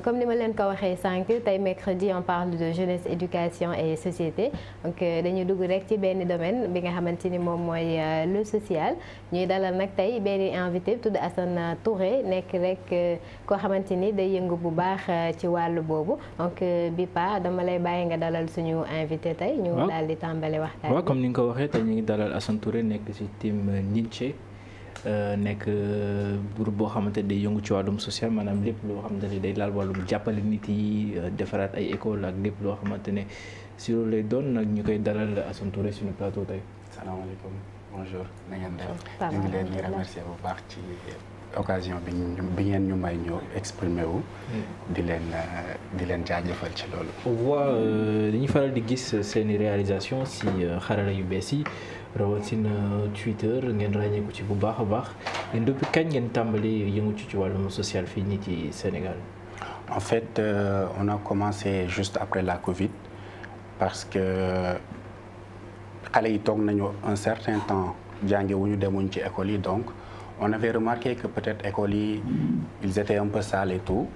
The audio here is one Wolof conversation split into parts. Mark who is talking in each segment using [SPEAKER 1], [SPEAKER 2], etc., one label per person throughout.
[SPEAKER 1] comme ni ma leen ko waxee sànq tey mercredi on parle de jeunesse éducation et société donc euh, dañuy dugg rek ci benn domaine bi nga xamante ni moom mooy euh, le social ñuy dalal nag tey benn invité tudd Assane Touré nekk rek euh, koo xamante ni day yëngu bu baax ci wàll boobu donc bi pa dama lay bàyyi nga dalal suñu invité tey ñu daal di tàmbale waxtaan waaw comme
[SPEAKER 2] ni nga ko waxee tey ñu ngi dalal Assane Touré nekk ci team Ninche Euh, nekk euh, groupe boo xamante ne day yëngu ci wàllum social maanaam lépp loo xamante ne day laal wàllum jàppale nit yi euh, defaraat ay école ak lépp loo xamante ne si loolu lay doon nag ñu koy dalal Assane Touré suñu plateau tey. salaamaaleykum bonjour na ngeen def ñu ngi leen remercier bu baax ci
[SPEAKER 3] occasion bi ñu bi ngeen ñu may ñëw exprimer wu. Mm. di leen di leen jaajëfal ci loolu.
[SPEAKER 2] on voit dañuy faral di gis seeni réalisation si xarala yu bees yi. rawatina Twitter ngeen ràññeeku ci bu baax a baax ngeen depuis kañ ngeen tàmbali yëngu ci ci wàllum social fii nii ci Sénégal.
[SPEAKER 3] en fait euh, on a commencé juste après la Covid parce que xale yi toog nañu un certain temps jànge wu ñu demuñ ci école yi donc on avait remarqué que peut-être école yi ils étaient un peu sales et tout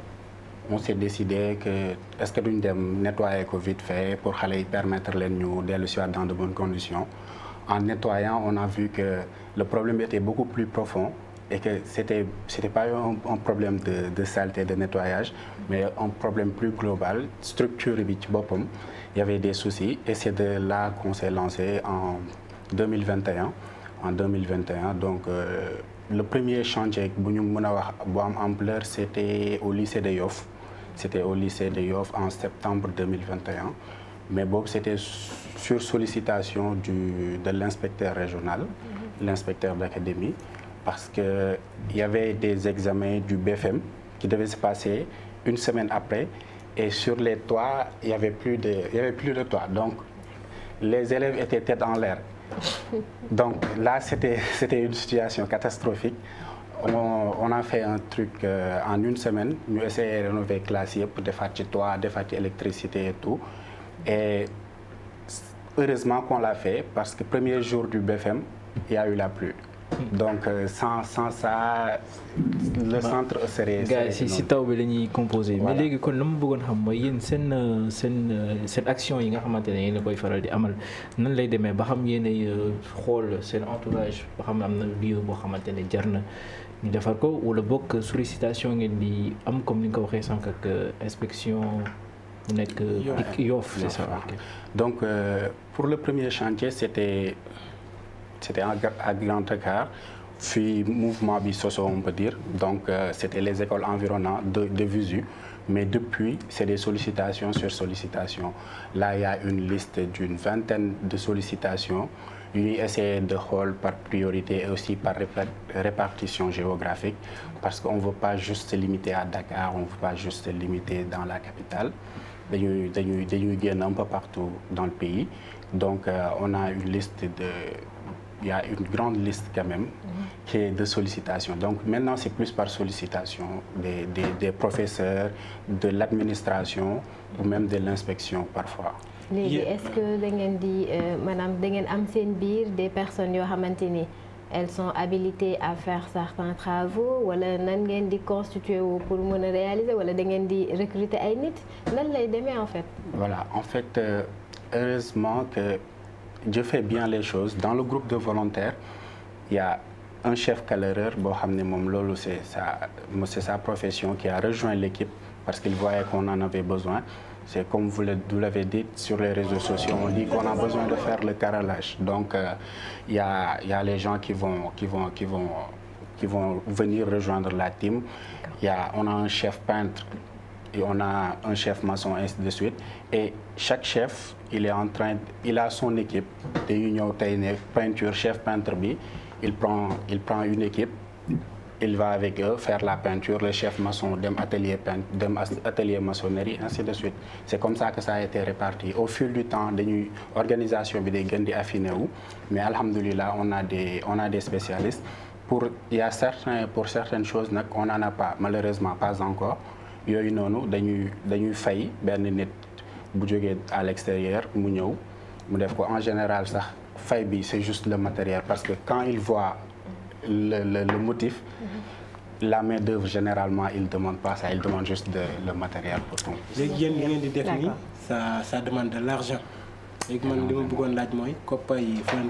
[SPEAKER 3] on s'est décidé que est-ce que duñ dem nettoyer ko vite fait pour xale yi permettre leen ñu dellu si waat dans de bonnes conditions. en nettoyant, on a vu que le problème était beaucoup plus profond et que c'était c'était pas un, un problème de de saleté de nettoyage mais un problème plus global structure bi ci boppam il y avait des soucis et c'est de là qu'on s'est lancé en 2021 en 2021 donc euh, le premier chantier bu ñu mën a wax bu am ampleur c'était au lycée de Yoff c'était au lycée de Yoff en septembre 2021 mais boobu c' était sur sollicitation du de l' inspecteur régional. Mhm. l' inspecteur d' académie. parce que il y avait des examens du BFM qui devaient se passer une semaine après et sur les toits il y avait plus de il y avait plus de toits donc les élèves étaient tête en l'air donc là c'était c'était une situation catastrophique on, on a fait un truc euh, en une semaine ñu essayé rénover classe yëpp defaat ci toit defaat ci électricité et tout Et heureusement qu'on l'a fait parce que premier jour du BFM, il eu la pluie. donc euh,
[SPEAKER 2] sans sans ça le centre serait. gars si taw bi la ñuy composé. mais léegi kon la mu bëggoon xam mooy yéen seen euh, seen euh, seen action yi nga xamante ne yéen a koy faral di amal nan lay demee ba xam yéen ay xool seen entourage ba xam am na lieu boo xamante ne jar na ñu defar ko wala bokk sollicitation ngeen di am comme ni nga ko waxee sànq ak inspection. mu nekk Yoff c'est ça donc euh,
[SPEAKER 3] pour le premier chantier c'était c'était à Grand Dakar fii mouvement bi soso on peut dire donc euh, c'était les écoles environnantes de de Visu mais depuis c'est des sollicitations sur sollicitations là il y a une liste d'une vingtaine de sollicitations yu ñuy essayer de xool par priorité et aussi par répartition géographique parce qu'on veut pas juste se limiter à Dakar on veut pas juste se limiter dans la capitale dañuy dañuy dañuy génn un peu partout dans le pays donc euh, on a une liste de a une grande liste quand même mhm. de sollicitations donc maintenant c'est plus par sollicitation des des des professeurs de l'administration ou même de l'inspection parfois
[SPEAKER 1] léegi est-ce que da ngeen di euh, maanaam da am seen biir des personnes yoo xamante ni elles sont habilitées à faire certains travaux wala nan ngeen di constituer wu pour mën a réaliser wala da ngeen di recruter ay nit nan lay demee en fait.
[SPEAKER 3] voilà en fait euh, heureusement que je fais bien les choses dans le groupe de volontaires il y a un chef caloreur boo xam ne moom loolu c'est sa c'est sa profession qui a rejoint l'équipe parce qu'il voyait qu'on en avait besoin. C'est comme vous l'avez dit sur les réseaux sociaux, on dit qu'on a besoin de faire le carrelage. Donc, euh, il euh, y, a, y, a, les gens qui vont, qui vont, qui vont, qui vont venir rejoindre la team. Y a, on a un chef peintre et on a un chef maçon, ainsi de suite. Et chaque chef, il est en train, il a son équipe de Union Peinture, chef peintre B. Il prend, il prend une équipe il va avec eux faire la peinture le chef maçon dem atelier peintre dem atelier maçonnerie ainsi de suite c'est comme ça que ça a été réparti au fil du temps dañuy organisation bi de gën di affiné wu mais alhamdulilah on a des a des spécialistes pour il y a certains pour certaines choses nag on n'en a pas malheureusement pas encore yooyu noonu dañuy dañuy fay benn nit bu jógee à l'extérieur mu ñëw mu def ko en général sax fay bi c'est juste le matériel parce que quand il voit le, le, le motif. Mhm. la main d'œuvre généralement ils demande pas ça ils demandent juste de, le
[SPEAKER 4] matériel pour
[SPEAKER 3] qu'on léegi yéen li ngeen
[SPEAKER 4] di demande de l'argent léegi man li ma bëggoon laaj mooy koppa yi fan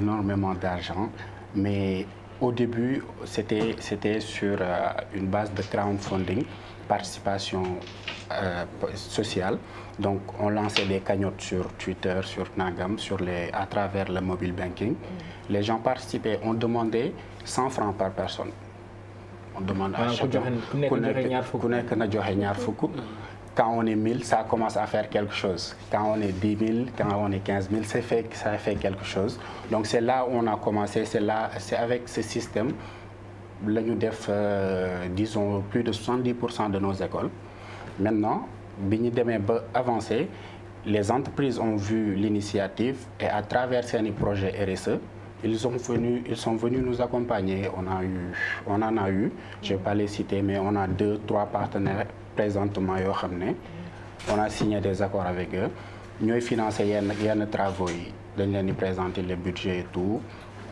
[SPEAKER 4] énormément d'argent mais
[SPEAKER 3] au début c'était c'était sur euh, une base de crowdfunding participation euh, sociale Donc, on lançait des cagnottes sur Twitter, sur Nagam, sur les, à travers le mobile banking. Mmh. Les gens participaient, on demandait 100 francs par personne. On demande à ah, chacun. Quand on est 1000, ça commence à faire quelque chose. Quand on est 10 000, quand on est 15 000, ça fait, ça fait quelque chose. Donc, c'est là où on a commencé, c'est là, c'est avec ce système, la nous def, euh, disons, plus de 70% de nos écoles. Maintenant, bi ñu demee ba avancé les entreprises ont vu l'initiative et à travers seeni projet RSE ils sont venus ils sont venus nous accompagner on a eu on a eu je vais pas les citer mais on a deux trois partenaires présentement yoo xam ne on a signé des accords avec eux ñooy financer yenn yenn travaux yi dañ leen di présenter les budgets et tout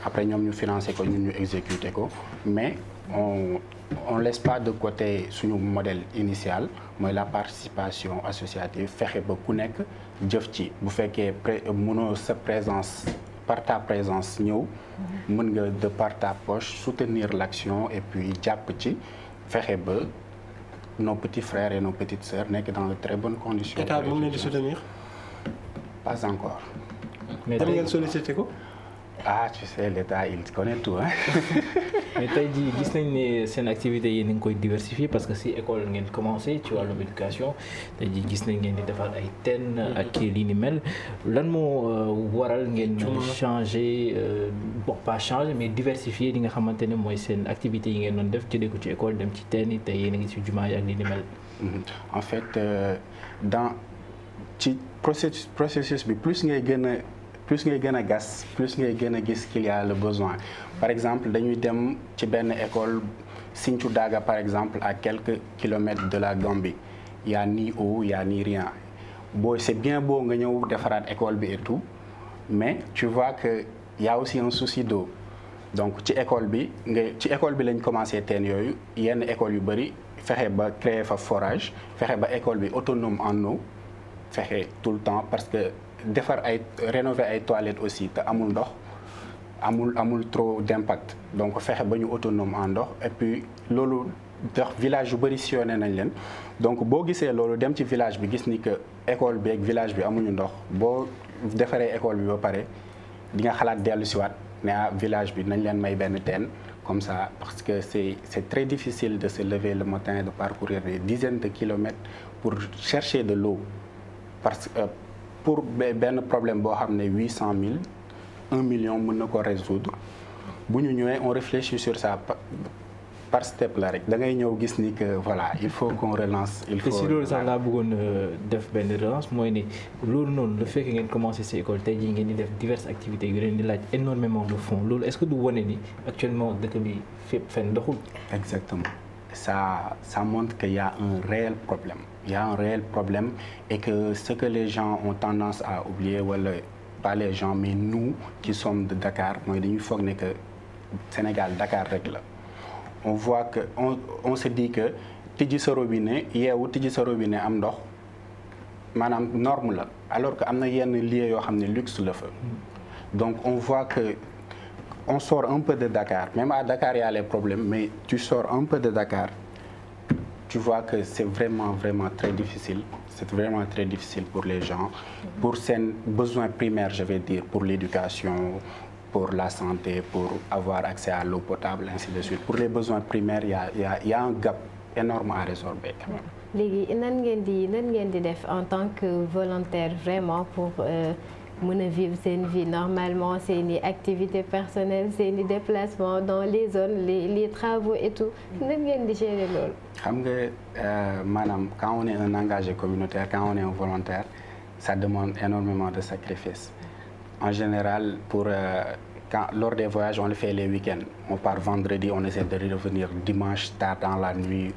[SPEAKER 3] après ñoom ñu financer ko ñun ñu exécuter ko mais on on laisse pas de côté suñu modèle initial mooy la participation associative fexe ba ku nekk jëf ci bu fekkee pré mënoo sa présence par ta présence ñëw mën nga de par ta poche soutenir l'action et puis jàpp ci fexe ba nos petits frères et nos petites sœurs nekk dans de très bonnes conditions. état bi mu ngi leen di soutenir. pas
[SPEAKER 2] encore. mais dem ngeen ko. ah tu sais l'État tey jii gis nañ ne seen activités yi ni nga koy diversifier parce que si école ngeen commencé ci wàllum éducation tey jii gis nañ ngeen di defar ay teen mm-hmm. ak li ni mel lan moo euh, waral ngeen. changer euh, bon pas changer mais diversifier li nga xamante ne mooy seen activités yi ngeen doon def jëlee ko ci école dem ci ten yi tey yéen ngi ci jumaa ak li ni mel.
[SPEAKER 3] Mm-hmm. en fait euh, dans ci processus bi plus ngay gën plus ngay gën a gas plus ngay gën a gis qu'il y a besoin par exemple dañuy dem ci benn école Sinthiou Daga par exemple à quelque kilomètres de la Gambie y a ni eau y a ni rien boo c'est bien boo nga ñëw defaraat école bi et tout mais tu vois que y a aussi un souci d'eau donc ci école bi nga ci école bi lañ commencé teen yooyu yenn école yu bëri fexe ba créer fa forage fexe ba école bi autonome en eau fexe tout le temps parce que defar ay rénover ay toilettes aussi te amul ndox amul amul trop d'impact donc fexe ba ñu autonome en ndox et puis loolu ndax village yu bëri sillonné nañ leen donc boo gisee loolu dem ci village bi gis ni que école bi ak village bi amuñu ndox boo defaree école bi ba pare di nga xalaat dellu siwaat ne ah village bi nañ leen may benn teen comme ça parce que c'est c'est très difficile de se lever le matin de parcourir des dizaines de kilomètres pour chercher de l'eau parce que euh, pour benn problème boo xam ne huit cent mille un million mun na ko résoudre bu ñu ñëwee on réfléchit sur ça par step la rek da ngay ñëw gis ni que voilà il faut qu'on relance il faut si loolu
[SPEAKER 2] sax laa bëggoon euh, def benn relance mooy ni loolu noonu le fekk ngeen commencé ci école te jii ngeen di def diverses activités yu leen di laaj énormément de fonds loolu est-ce que du wane ni actuellement dëkk bi fépp fenn doxul exactement sa ça montre qu'il y un
[SPEAKER 3] réel problème il y a un réel problème est que ce que les gens ont tendance à oublier wala pas les gens mais nous qui sommes de Dakar mooy dañuy foog ne que Sénégal Dakar rek la on voit que on on se dit que tijji sa robinet yeewu tijji sa robinet am ndox maanaam norme la alors que am na yenn lieux yoo xam ne luxe la fa donc on voit que on sort un peu de Dakar même à Dakar y a les mais tu sors un peu de Dakar tu vois que c'est vraiment vraiment très difficile c'est vraiment très difficile pour les gens pour seen besoin primaire je vais dire pour l'éducation pour la santé pour avoir accès à l'eau potable ainsi de suite pour les besoins primaires il y a il y a, il y a un gap énorme à résorber
[SPEAKER 2] quand même.
[SPEAKER 1] léegi nan ngeen di nan ngeen di def en tant que volontaire vraiment pour. Euh... mën a vivre seen vie normalement seen i activité personnelles seen i déplacements dans les zones les les travaux et tout. nan ngeen di gérer loolu.
[SPEAKER 3] xam nga euh, maanaam quand on est un engagé communautaire quand on est un volontaire ça demande énormément de sacrifices en général pour euh, quand lors des voyages on le fait les week-ends on part vendredi on essaie de revenir dimanche tard dans la nuit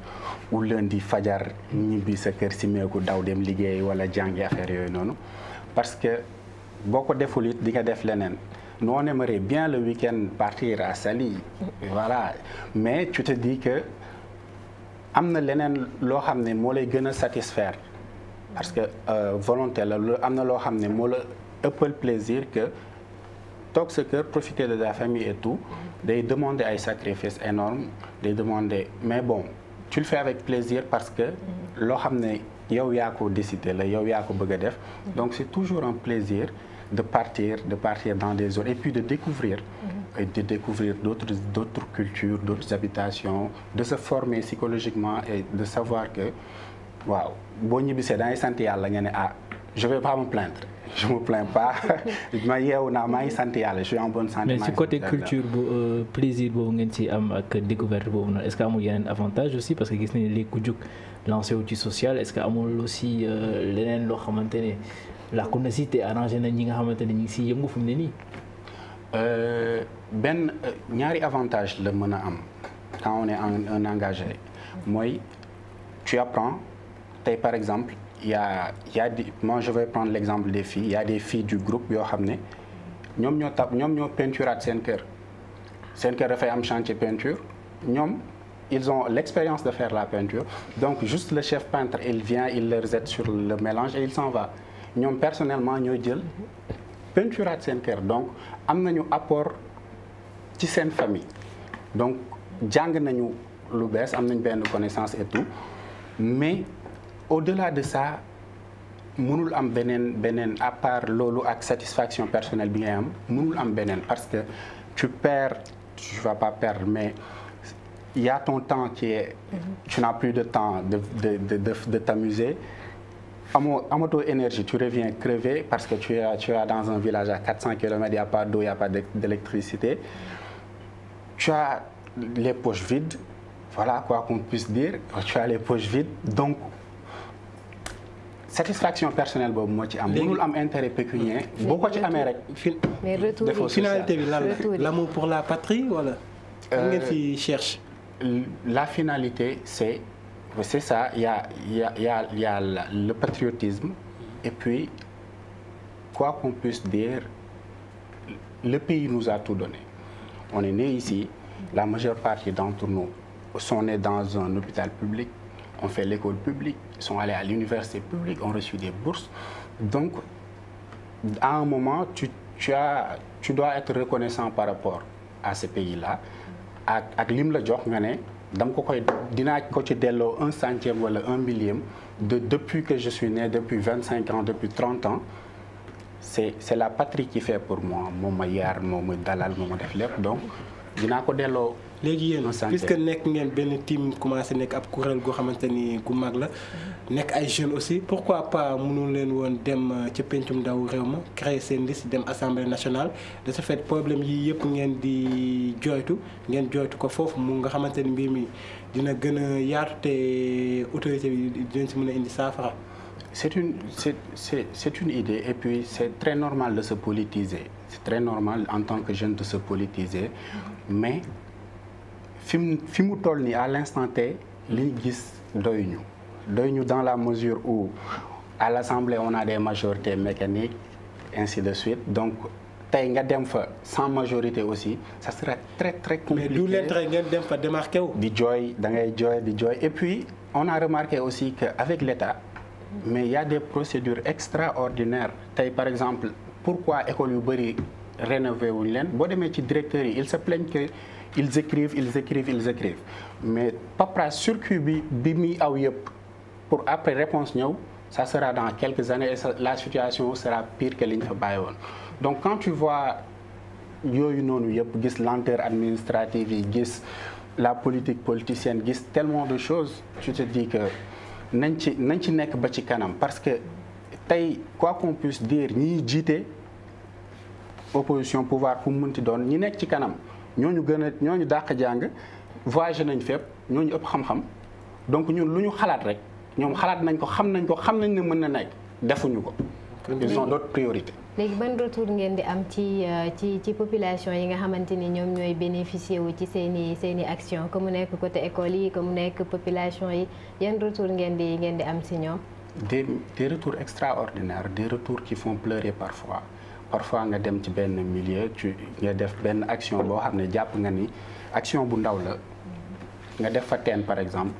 [SPEAKER 3] ou lundi fajar ñibbi sa kër si meeku daw dem liggéey wala jàngi affaire yooyu noonu parce boo ko deful it di nga def leneen nous on aimerait bien le week-end partir à Saly voilà mais tu te dis que am na leneen loo xam ne moo lay gën a satisfaire parce que euh, volonté la am na loo xam ne moo la ëppal plaisir que toog sa kër profiter de la famille et tout day demander ay sacrifices énormes day demander mais bon tu le fais avec plaisir parce que loo xam ne yow yaa ko décidé la yow yaa ko bëgg a def donc c'est toujours un plaisir de partir, de partir dans des zones et puis de découvrir, et de découvrir d'autres, d'autres cultures, d'autres habitations, de se former psychologiquement et de savoir que, waaw boo ñibbisee dangay sant yàlla nga ne ah je vais pas me plaindre je me plains pas ma yeewu naa maa ngi sant yàlla je suis en bonne santé. mais ci côté culture
[SPEAKER 2] bu euh, plaisir boobu ngeen ci am ak découverte boobu noonu est ce que amul yeneen avantage aussi parce que gis nañu léegi ku jug lancé wu ci social est ce que amul aussi euh, leneen loo xamante ne. la communauté arrangé nañ ñi nga xamante ne ñu ngi siy yëngu fu mu ne nii. benn eh, ñaari eh, avantage
[SPEAKER 3] la mën a am quand on est un, un engagé mooy tu apprends te par exemple y a y a des moi je vais prendre l'exemple des filles du groupe yoo xam ne ñoom ñoo tab ñoom ñoo peinturaat seen kër seen kër dafay am chantier peinture ñoom ils ont l'expérience de faire la peinture donc juste le chef peintre il vient il leur jette sur le mélange et il s'en va ñoom personnellement ñoo jël peinturaat seen kër donc am nañu apport ci seen famille donc jàng nañu lu bees am nañ benn connaissance et tout mais au-delà de ça mënul am beneen beneen à part loolu ak satisfaction personnelle bi ngay am mënul am beneen parce que tu perds tu vas pas perdre mais il ton temps qui est mm-hmm. tu n'as plus de temps de de de de, de t'amuser amoo amatoo énergie tu reviens crevé parce que tu es tu es dans un village à 400 kilomètres y a pas d'eau y a pas d'électricité tu as les poches vides voilà quoi qu'on puisse dire tu as les poches vides donc satisfaction personnelle boobu moo ci am. mënul am intérêt pécuniaire. boo ko ci amee rek.
[SPEAKER 1] mais retour bi finalité bi lan la
[SPEAKER 3] l'amour pour la patrie wala. ngeen euh, fi cherche. la finalité c'est Mais c'est ça, il y a, y a, y a, y a le patriotisme et puis, quoi qu'on puisse dire, le pays nous a tout donné. On est né ici, la majeure partie d'entre nous sont nés dans un hôpital public, on fait l'école publique, sont allés à l'université publique, ont reçu des bourses. Donc, à un moment, tu, tu, as, tu dois être reconnaissant par rapport à ce pays-là. Avec l'imle dama ko koy dinaa ko ci delloo un centième wala un millième de depuis que je suis né depuis vingt cinq ans depuis trente ans c'est c'est la patrie qui fait pour moi moom ma yaar moom ma dalal moom ma def lépp donc dinaa ko delloo
[SPEAKER 4] léegi yéen puisque nekk ngeen benn team commencé nekk ab kuréel goo xamante ni gu mag la nekk ay jeunes aussi pourquoi pas mënul leen woon dem euh, ca pencum ndaw réew ma créer seen liste dem assemblée nationale de ce fait problème yii yëpp ngeen di jooytu ngeen jooytu ko foofu mu nga xamante ni mbir mi dina gën a yaatu te autorité bi dinañ si mën a indi saafara c'est une c'est c'est c'est une idée et puis c'est très normal
[SPEAKER 3] de se politiser c'est très normal en tant que jeune de se politiser mais fi mu fi mu toll nii à l'instant T li ñu gis doyuñu doyuñu dans la mesure où à l'Assemblée on a des majorités mécaniques ainsi de suite donc tey nga dem fa sans majorités aussi ça sera très très compliqué. mais du leen tere fa démarqué wu. di jooy da ngay jooy di jooy et puis on a remarqué aussi que avec l'État mais il des procédures extraordinaires tey par exemple pourquoi école yu bëri rénové wuñ leen boo demee ci directeur yi il se plaignent que. ils écrivent ils écrivent ils écrivent mais paperasse circuit bi bi muy aw yëpp pour après réponse ñëw ça sera dans quelques années et la situation sera pire que li ñu fa bàyyi woon donc quand tu vois yooyu noonu yëpp gis lenteur administrative yi gis la politique politicienne gis tellement de choses tu te dis que nañ ci nañ ci nekk ba ci kanam parce que tey quoi qu'on puisse dire ñiy jiite opposition pouvoir ku mu mënti doon ñi nekk ci kanam ñooñu gën a ñooñu dàq jàng voyagé nañ fépp ñooñu ëpp xam-xam donc ñun lu ñu xalaat rek ñoom xalaat nañ ko xam nañ ko xam nañ ne mën na nekk defuñu ko. ils ont d'autres priorités.
[SPEAKER 1] léegi ban retour ngeen di am ci euh, ci ci population yi nga xamante ni ñoom ñooy bénéficier wu ci seen seen action que mu nekk côté école yi que mu nekk population yi yan retour ngeen di ngeen di am si ñoom.
[SPEAKER 3] des des retours extraordinaires des retours qui font pleurer parfois. parfois nga dem ci benn milieu ci nga def benn action boo xam ne jàpp nga ni action bu ndaw la nga def fa teen par exemple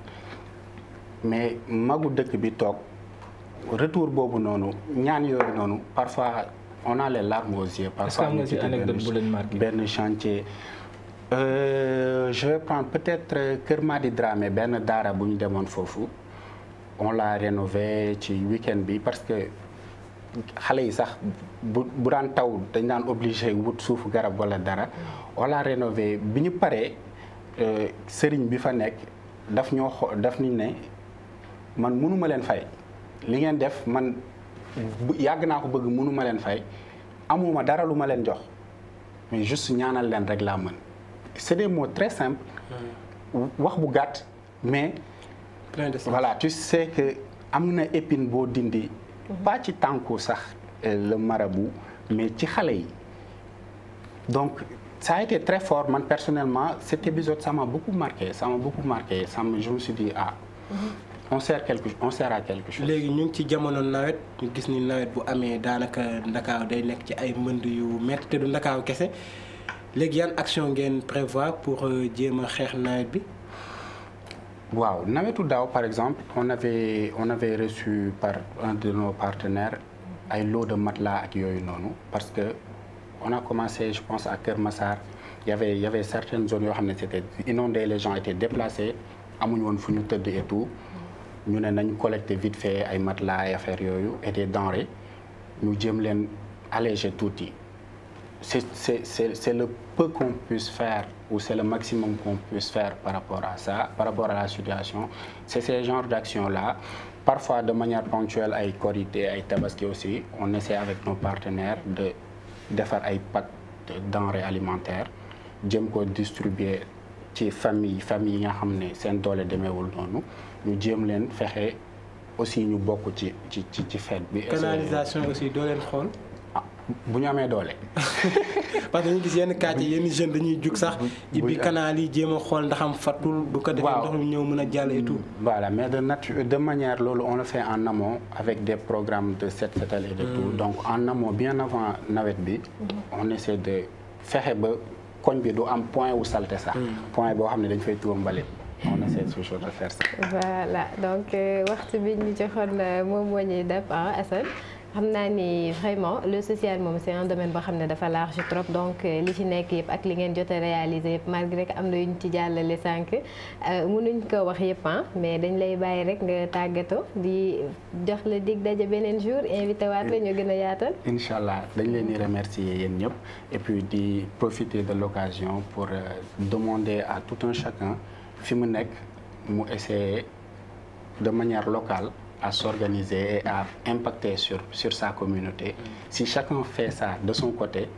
[SPEAKER 3] mais magu dëkk bi toog retour boobu noonu ñaan yooyu noonu parfois on a les larmes aux yeux. parfois am nga ci anecdote bu leen marqué benn chantier. Euh, je vais prendre peut-être euh, Kër Madi Dramé benn daara bu ñu demoon foofu on l'a rénové ci week bi parce que. xale yi sax bu bu daan taw dañ naan obligé wut suufu garab walla dara on rénover bi ñu paree euh, sëriñ bi fa nekk daf ñoo xo daf ñu ne man mënuma leen fay li ngeen def man yàgg naa ko bëgg munuma leen fay amuma dara lu ma leen jox mais juste ñaanal leen rek laa mën c'est des moo très simples hmm. wax bu gàtt mais voilà tu sais que am na épine boo dindi pas ci tànku sax euh, le bu mais ci xale yi donc ça a été fort man personnellement cet épisode ça m'a beaucoup marqué ça m'a beaucoup marqué ça me je ah. Mhm. on sert quelque on
[SPEAKER 4] léegi ñu ngi ci jamono nawet ñu gis ni nawet bu amee daanaka Ndakaaw day nekk ci ay mbënd yu métti te du Ndakaaw kese léegi yan action ngeen prévoir pour euh, jéem a xeex nawet bi.
[SPEAKER 3] waaw nawetu daaw par exemple on avait on avait reçu par un de nos partenaires ay lot de matelas ak yooyu noonu parce que on a commencé je pense à Kër Massar y avait certaines zones yoo xam ne c'était inondé les gens étaient amuñ woon fu ñu tëdd et ñu ne nañ collecté vite fait ay matelas ay affaires yooyu et des denrées ñu jëm leen allégé tuuti c'est le peu qu'on puisse faire ou c'est le maximum qu'on puisse faire par rapport à ça, par rapport à la situation. C'est ce genre d'action-là. Parfois, de manière ponctuelle, ay Corité, ay Tabaski aussi, on essaie avec nos partenaire de, defar ay des pactes de jëm alimentaires. J'aime qu'on distribue ci famille famille yi nga xam ne seen doole demeewul noonu ñu jëm leen fexe aussi ñu bokk ci ci ci fête bi. canalisation
[SPEAKER 4] aussi doo leen xool. bu ñu amee doole. parce que dañuy gis yenn kàcce yenn jeunes dañuy jug sax. ibbi canal yi jéem a xool ndax am fattul. bu ko defee ndox ñëw mën a jàll et tout. Mm, voilà mais de nature de manière
[SPEAKER 3] loolu on le fait en amont avec des programmes de set setal et de mm. tout donc en amont bien avant nawet bi. Mm-hmm. on essaie de fexe ba koñ bi du am point wu salte sax. Mm. point boo xam ne dañ fay tuur mbalit. on essaie toujours de faire ça.
[SPEAKER 1] voilà donc euh, waxtu bi ñu joxoon euh, moom moo ñuy def xam naa ni vraiment le social moom c'est un domaine boo xam ne dafa large trop donc euh, li ci nekk yëpp ak li ngeen jot a réaliser yëpp malgré que am na yu yuñ ci jàllale sànq euh, mënuñ ko wax yëpp ah mais dañ lay bàyyi rek nga tàggato di jox la dig daje beneen jour invité waat la ñu gën a yaatal.
[SPEAKER 3] incha allah dañ leen di remercier yéen ñëpp et puis di profiter de l'occasion pour euh, demander à tout un chacun fi mu nekk mu essayer de manière locale. à s'organiser à impacter sur, sur sa communauté, mm. si chacun fait ça de son côté,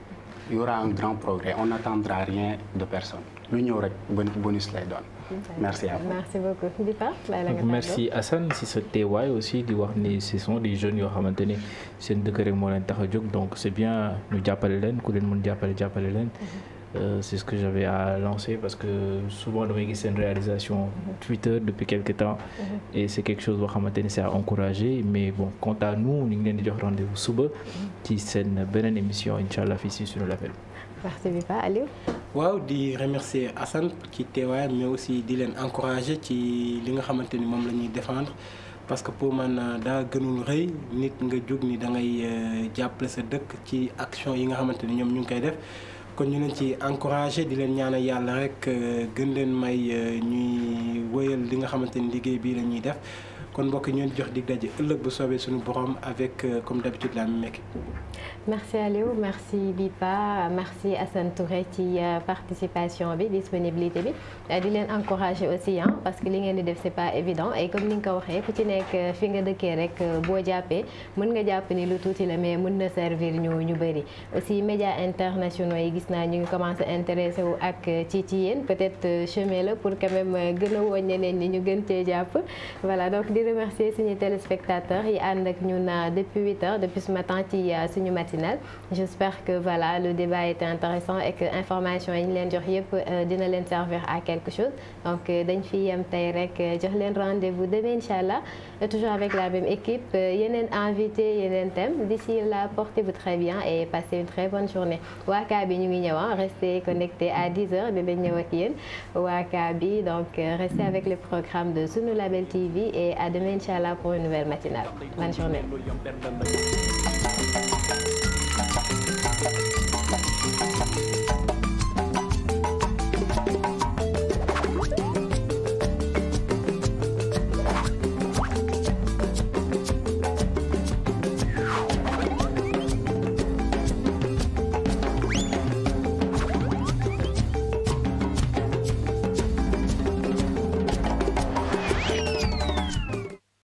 [SPEAKER 3] il y aura un de personne. L'union
[SPEAKER 2] bonus lay doon.
[SPEAKER 1] merci à vous merci beaucoup merci
[SPEAKER 2] Assane si sa teewaay aussi di wax ni ce sont des jeunes yoo xamante ni seen dëkk rek moo leen tax a jóg donc c'est bien ñu jàppale leen ku leen mun jàppale jàppale leen. Mm-hmm. Euh, c'est ce que j'avais à lancer parce que souvent damay gis seen réalisation Twitter depuis quelque temps mhm. et c'est quelque chose boo xamante ni c'est à encourager mais bon quant à nous ñu ngi leen di jox rendez-vous suba mhm. ci seen beneen émission incha allah fii si suñu label
[SPEAKER 1] parti
[SPEAKER 4] bi waaw di remercier Assane ci teewaayam mais aussi di leen encourager ci li nga xamante ni moom la ñuy défendre parce que pour man euh, daa gënul rëy nit nga jóg ni da ngay euh, jàppale sa dëkk ci action yi nga xamante ni ñoom ñu ngi koy def kon ñu leen ci encouragé di leen ñaanal yàlla rek euh, gën leen may euh, ñuy wëyal li nga xamante ni liggéey bii la ñuy def kon mbokk ñoon jox dig daje ëllëg bu soobee suñu borom avec euh, comme d'habitude la même
[SPEAKER 1] merci Aliou merci Bipa merci Assane Touré ci euh, participation bi disponibilité bi euh, di leen encourager aussi ah parce que li ngeen di def c'est pas évident comme ni nga ko waxee ku ci nekk euh, fi nga dëkkee rek boo jàppee mën nga jàpp ni lu tuuti la mais mën na servir ñu ñu bëri aussi médias internationaux yi gis naa ñu ngi commencé intéressé wu ak ci ci yéen peut-être chemin la pour quand même gën a woñ ñeneen ñi ñu gën cee jàpp voilà donc di remercier suñu téléspectateurs yi ànd ak ñun depuis 8 heures depuis ce matin ci suñu matin matinale j'espère que voilà le débat était intéressant et que information yi ñu leen jox yëpp euh, dina leen servir à quelque chose donc euh, dañ fi yem tey rek euh, jox leen rendez-vous demain incha allah toujours avec la même équipe yeneen invité yeneen thème d'ici là portez-vous très bien et passez une très bonne journée waaka bi ñu ngi ñëw restez connectés à 10 heures dinañ ñëw ak yéen waaka bi donc restez avec le programme de Sunu Label TV et à demain incha allah pour une nouvelle matinale